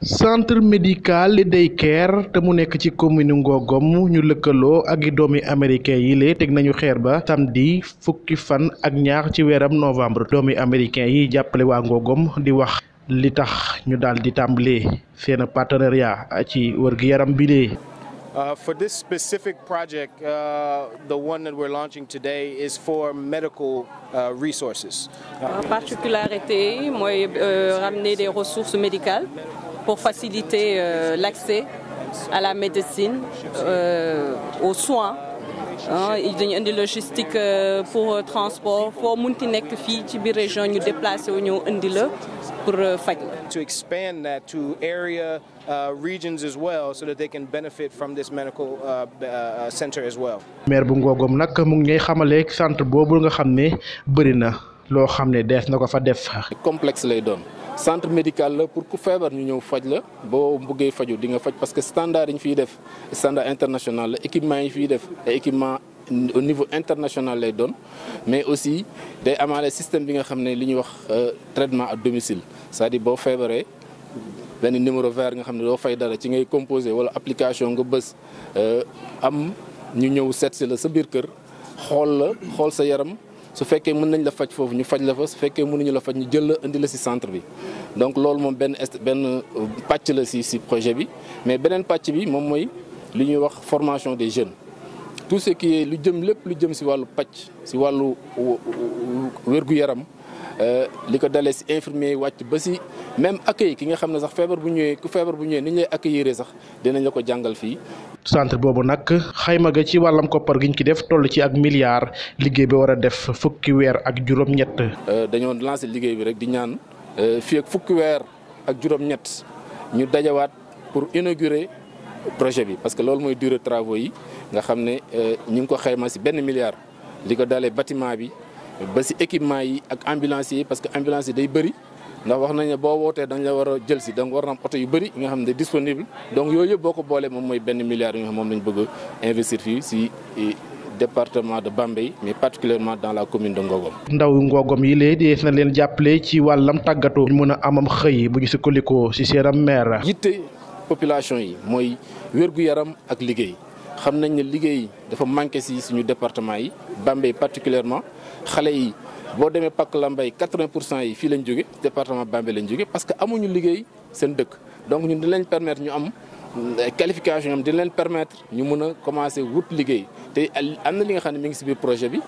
centre médical li day care te mu nekk ci commune Ngogom ñu lëkkaloo ak doomi américain yi lee teg nañu xeer ba tam di fukki fan ak ñaar ci weeram novembre doomi américain yi jàppale waa Ngogom di wax li tax ñu dal di tàmbalee seen partenariat ci wër-gi-yaram bi lee Uh, for this specific project, uh, the pour faciliter euh, l'accès à la médecine, au euh, aux soins. ah dañu indi logistique euh, pour euh, transport foo munti nekk fii ci biir région ñu déplacé wu ñëw indi la pour faj la. to expand that to area uh, regions as well so that they can benefit from this medical uh, uh, center as well. maire bu Ngogom nag mu ngi ñuy xamale centre boobu nga xam ne bëri na loo xam ne dees na ko fa def. complexe lay doon. centre médical la pour ku feebar ñu ñëw faj la boo bëggee faju di nga faj parce que standard yi ñu fiy def standard international la équipement yi fiy def ay équipement au niveau international lay doon mais aussi day amaale système bi nga xam ne li ñuy wax euh, traitement à domicile cest à boo feebaree benn numéro vert nga xam ne doo fay dara ci ngay composé wala application nga bës euh, am ñu ñëw seet la sa biir kër xool la xool sa yaram su fekkee mën nañ la faj foofu ñu faj la fa su fekkee mun nañu la faj ñu jël la indi la si centre bi donc loolu moom benn benn euh, pàcc la si si projet bi mais beneen pàcc bi moom mooy li ñuy wax formation des jeunes tout ce qui est lu jëm lépp lu jëm si wàllu pàcc si wàllu euh, euh, wérgu yaram Euh, li ko dalee si infirmier yi wàcc ba si même accueil ki nga xam ne sax feebar bu ñëwee ku feebar bu ñëwee ni ñu lay accueillir sax dinañ la ko jàngal fii. centre boobu nag xayma ga ci wàllam koppar gi ñu ci def toll ci ak milliard liggéey bi war a def fukki weer ak juróom-ñett. Euh, dañoo lancé liggéey bi rek di ñaan euh, fii ak fukki weer ak juróom-ñett ñu dajawaat pour inaugurer projet bi parce que loolu mooy dure travaux yi nga xam ne ñu ngi ko xayma si benn milliard li ko dalee bâtiment bi. ba si équipement yi ak ambulance yi parce que ambulance yi day bëri ndax wax nañ ne boo wootee dañ la war a jël si donc war na am oto yu bëri yi nga xam ne disponible donc yooyu yëpp boo ko boolee moom mooy benn milliard yi nga xam moom lañ bëgg investir fii si eh, département de Bambey mais particulièrement dans la commune de Ngogom. ndaw Ngogom yi lee dees na leen jàppale ci wàllam tàggatoo. mën a amam xëy bu ñu sukkandikoo si seenam maire. yitte population yi mooy wér yaram ak liggéey. xam nañ ne liggéey dafa manqué si suñu département yi Bambey particulièrement xale yi boo demee Pàcc Lambey 80 pour cent yi fii lañ jóge département Bambey lañ jóge parce que ñu liggéey seen dëkk donc ñun dinañ permettre ñu am euh, qualification am dina leen permettre ñu mën a commencer wut liggéey te am na li nga xam ne mu ngi si biir projet bi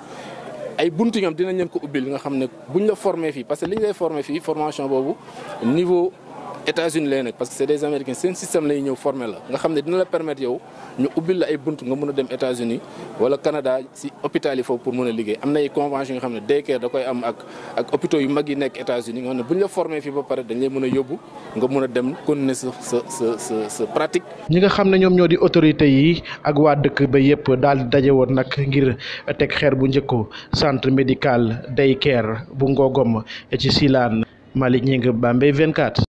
ay buntu ñoom dinañ leen ko ubbil nga xam ne bu buñ la formé fii parce que li ñu lay formé fii formation boobu États-Unis lay nekk parce que c'est des Américains seen système lay ñëw formé la nga xam ne dina la permettre yow ñu ubbil la ay bunt nga mën a dem États-Unis wala Canada si hôpital yi foofu pour mën a liggéey am na ay convention yoo xam ne daycare da koy am ak yu mag yi nekk États-Unis nga xam ne bu ñu la formé fii ba pare dañ lay a yóbbu nga mën a dem continuer sa sa sa sa sa pratique. ñi nga xam ne ñoom ñoo di autorité yi ak waa dëkk ba yëpp daal di daje woon nag ngir teg xeer bu njëkko centre médical daycare bu Ngogom ci Silane Malick Gningue Bambey 24.